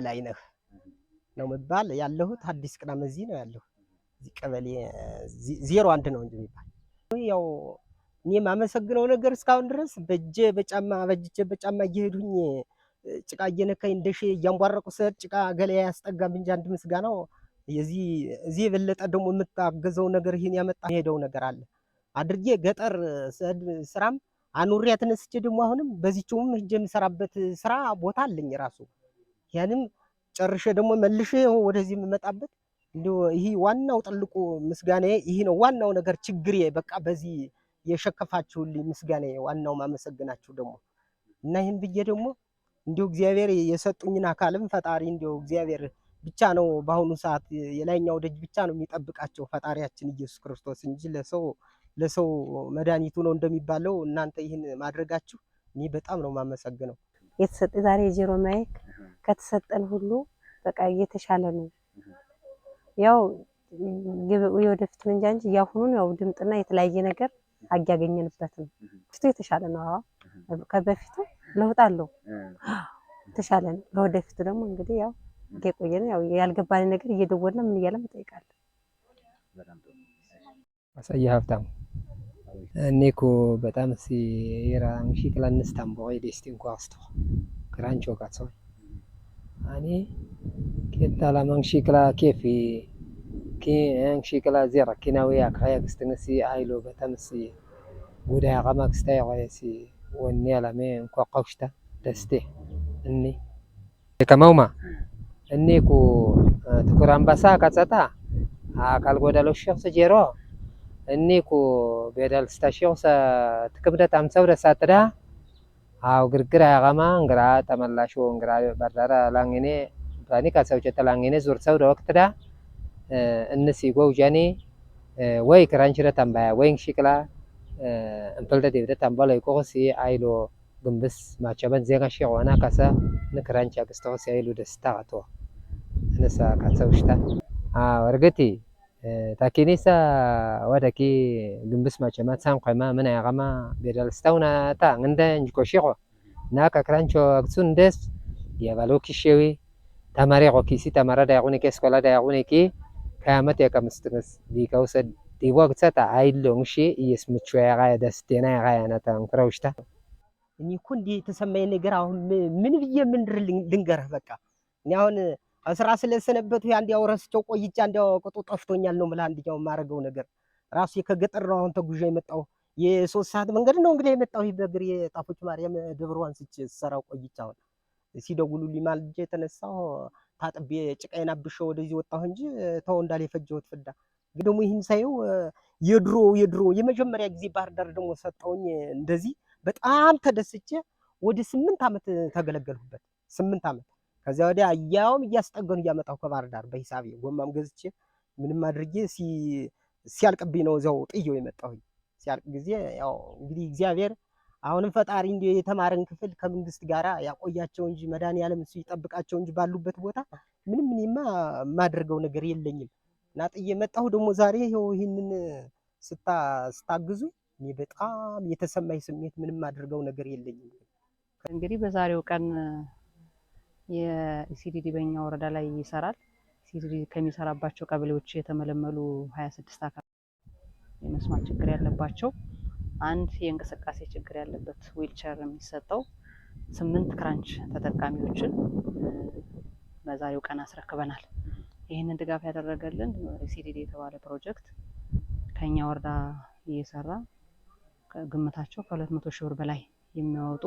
በላይ ነህ ነው የሚባል። ያለሁት አዲስ ቅዳም እዚህ ነው ያለሁ። እዚህ ቀበሌ ዜሮ አንድ ነው እንጂ የሚባል ያው እኔ የማመሰግነው ነገር እስካሁን ድረስ በእጄ በጫማ በእጄ በጫማ እየሄዱኝ ጭቃ እየነካኝ እንደ ሼ እያንቧረቁ ሰድ ጭቃ ገለያ ያስጠጋም እንጂ አንድ ምስጋናው የዚህ እዚህ የበለጠ ደግሞ የምታገዘው ነገር ይህን ያመጣ ሄደው ነገር አለ አድርጌ ገጠር ስራም አኑሪያ ተነስቼ ደግሞ አሁንም በዚችውም ሄጄ የምሰራበት ስራ ቦታ አለኝ ራሱ ያንም ጨርሼ ደግሞ መልሼ ወደዚህ የምመጣበት እንዲሁ ይህ ዋናው ጥልቁ ምስጋና ይህ ነው። ዋናው ነገር ችግር በቃ በዚህ የሸከፋችሁልኝ ምስጋና ዋናው ማመሰግናችሁ ደግሞ እና ይህን ብዬ ደግሞ እንዲሁ እግዚአብሔር የሰጡኝን አካልም ፈጣሪ እንዲሁ እግዚአብሔር ብቻ ነው በአሁኑ ሰዓት የላይኛው ደጅ ብቻ ነው የሚጠብቃቸው ፈጣሪያችን ኢየሱስ ክርስቶስ እንጂ ለሰው ለሰው መድኃኒቱ ነው እንደሚባለው እናንተ ይህን ማድረጋችሁ እኔ በጣም ነው የማመሰግነው። የተሰጠ ዛሬ የጆሮ ማይክ ከተሰጠን ሁሉ በቃ እየተሻለ ነው። ያው የወደፊት እንጃ እንጂ ያሁኑን ያው ድምጥና የተለያየ ነገር አያገኘንበት ነው። ፊቱ የተሻለ ነው። ከበፊቱ ለውጥ አለው። የተሻለ ነው። ለወደፊቱ ደግሞ እንግዲህ ያው እየቆየን ያው ያልገባን ነገር እየደወልን ምን እያለ እንጠይቃለን። አሳየ ሀብታሙ እኔኮ በጣም ምሽት ምሽክላንስታም በቆይ ደስቲንኳ አስተዋ ክራንቾ ካሰው يعني كيتالا شكلا كيفي كي ان شكلا زيرا كيناوياك هيا كستنسي ايلو بتمسي ودا غماك ستاي غيسي ونيالا مين كوكوشتا تستي اني كموما اني كو تكور امباسا كاتساتا አካል ጎደለው ሸክስ ጀሮ bedal ኩ sa ስታሸክሰ ትክብደት አምሰብደ ሳትዳ አው ግርግር አያቀማ እንግራ ተመላሹ እንግራ በርዳራ ላንግኔ ባኒ ካሰውቸ ተላንግኔ ዙር ሰው ደወክትዳ እንሲ ጎውጃኔ ወይ ክራንችረ ተንባያ ወይ ሽቅላ እንፈልደ ዴብደ ተንባ ላይ ቆሲ አይሎ ግንብስ ማቸበን ዜጋ ሺ ሆና ካሰ ንክራንቻ ክስተውስ አይሉ ደስታ አቶ እነሳ ካሰውሽታ አው እርግቲ takinisa wadaki gumbismachema tsanqema manayaqama biralstawna nganda njikoshiqo naka krancho aksun des yabaloki shewi tamariqo kisi tamaradayaquniki escoladayaquniki kayamatekamastingas dikausa diwagtsata አይሎንሺ እየስምቹ ያጋያዳስ ጤና ያጋያናታ እንክረውሽታ እኔ እኮ እንዲህ የተሰማኝ ነገር አሁን ምን ብዬ ምን ልንገርህ በቃ እኔ አሁን ስራ ስለሰነበቱ እንዲያው ረስቸው ቆይቻ እንዲያው ቅጡ ጠፍቶኛል ነው ምላ አንድኛው የማደርገው ነገር ራሱ ከገጠር ነው አሁን ተጉዣ የመጣሁ የሶስት ሰዓት መንገድ ነው እንግዲህ የመጣሁ በእግር የጣፎች ማርያም ደብሯን ስሰራ ቆይቻ። አሁን ሊማል ማልጄ የተነሳሁ ታጥቤ ጭቃዬን አብሼ ወደዚህ ወጣሁ እንጂ ተው እንዳል የፈጀሁት ፍዳ ግን ደግሞ ይህን ሳየው የድሮ የድሮ የመጀመሪያ ጊዜ ባህር ዳር ደግሞ ሰጠውኝ እንደዚህ በጣም ተደስቼ ወደ ስምንት ዓመት ተገለገልሁበት ስምንት ዓመት ከዚያ ወዲያ እያውም እያስጠገኑ እያመጣሁ ከባህር ዳር በሂሳብ ጎማም ገዝቼ ምንም አድርጌ ሲያልቅብኝ ነው እዚያው ጥየው የመጣሁኝ። ሲያልቅ ጊዜ ያው እንግዲህ እግዚአብሔር አሁንም ፈጣሪ እንዲ የተማረን ክፍል ከመንግስት ጋራ ያቆያቸው እንጂ መድኃኒዓለም እሱ ይጠብቃቸው እንጂ ባሉበት ቦታ ምንም እኔማ የማደርገው ነገር የለኝም እና ጥዬ መጣሁ። ደግሞ ዛሬ ይኸው ይህንን ስታግዙ እኔ በጣም የተሰማኝ ስሜት ምንም አድርገው ነገር የለኝም። እንግዲህ በዛሬው ቀን የኢሲዲዲ በኛ ወረዳ ላይ ይሰራል። ኢሲዲዲ ከሚሰራባቸው ቀበሌዎች የተመለመሉ 26 አካባቢ የመስማት ችግር ያለባቸው አንድ የእንቅስቃሴ ችግር ያለበት ዊልቸር የሚሰጠው ስምንት ክራንች ተጠቃሚዎችን በዛሬው ቀን አስረክበናል። ይህንን ድጋፍ ያደረገልን ኢሲዲዲ የተባለ ፕሮጀክት ከኛ ወረዳ እየሰራ ግምታቸው ከሁለት መቶ ሺህ ብር በላይ የሚያወጡ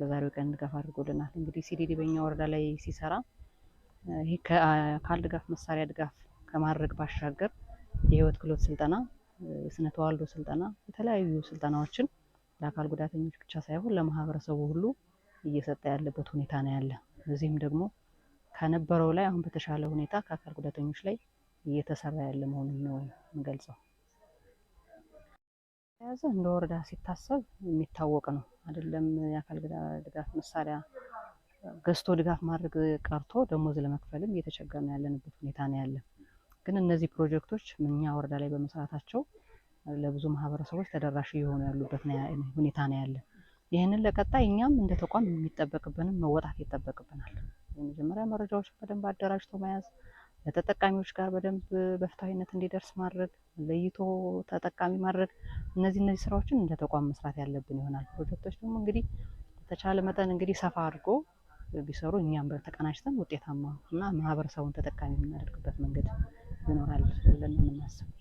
በዛሬው ቀን ድጋፍ አድርጎልናል። እንግዲህ ሲዲዲ በኛ ወረዳ ላይ ሲሰራ ይህ ከአካል ድጋፍ መሳሪያ ድጋፍ ከማድረግ ባሻገር የህይወት ክህሎት ስልጠና፣ የስነ ተዋልዶ ስልጠና፣ የተለያዩ ስልጠናዎችን ለአካል ጉዳተኞች ብቻ ሳይሆን ለማህበረሰቡ ሁሉ እየሰጠ ያለበት ሁኔታ ነው ያለ። እዚህም ደግሞ ከነበረው ላይ አሁን በተሻለ ሁኔታ ከአካል ጉዳተኞች ላይ እየተሰራ ያለ መሆኑን ነው የምንገልጸው። ከተያዘ እንደ ወረዳ ሲታሰብ የሚታወቅ ነው አይደለም። የአካል ድጋፍ መሳሪያ ገዝቶ ድጋፍ ማድረግ ቀርቶ ደሞዝ ለመክፈልም እየተቸገርን ያለንበት ሁኔታ ነው ያለ። ግን እነዚህ ፕሮጀክቶች እኛ ወረዳ ላይ በመስራታቸው ለብዙ ማህበረሰቦች ተደራሽ እየሆኑ ያሉበት ሁኔታ ነው ያለ። ይህንን ለቀጣይ እኛም እንደ ተቋም የሚጠበቅብንም መወጣት ይጠበቅብናል። የመጀመሪያ መረጃዎችን በደንብ አደራጅቶ መያዝ ለተጠቃሚዎች ጋር በደንብ በፍትሐዊነት እንዲደርስ ማድረግ፣ ለይቶ ተጠቃሚ ማድረግ፣ እነዚህ እነዚህ ስራዎችን እንደ ተቋም መስራት ያለብን ይሆናል። ፕሮጀክቶች ደግሞ እንግዲህ በተቻለ መጠን እንግዲህ ሰፋ አድርጎ ቢሰሩ እኛም ተቀናጅተን ውጤታማ እና ማህበረሰቡን ተጠቃሚ የምናደርግበት መንገድ ይኖራል ብለን የምናስብ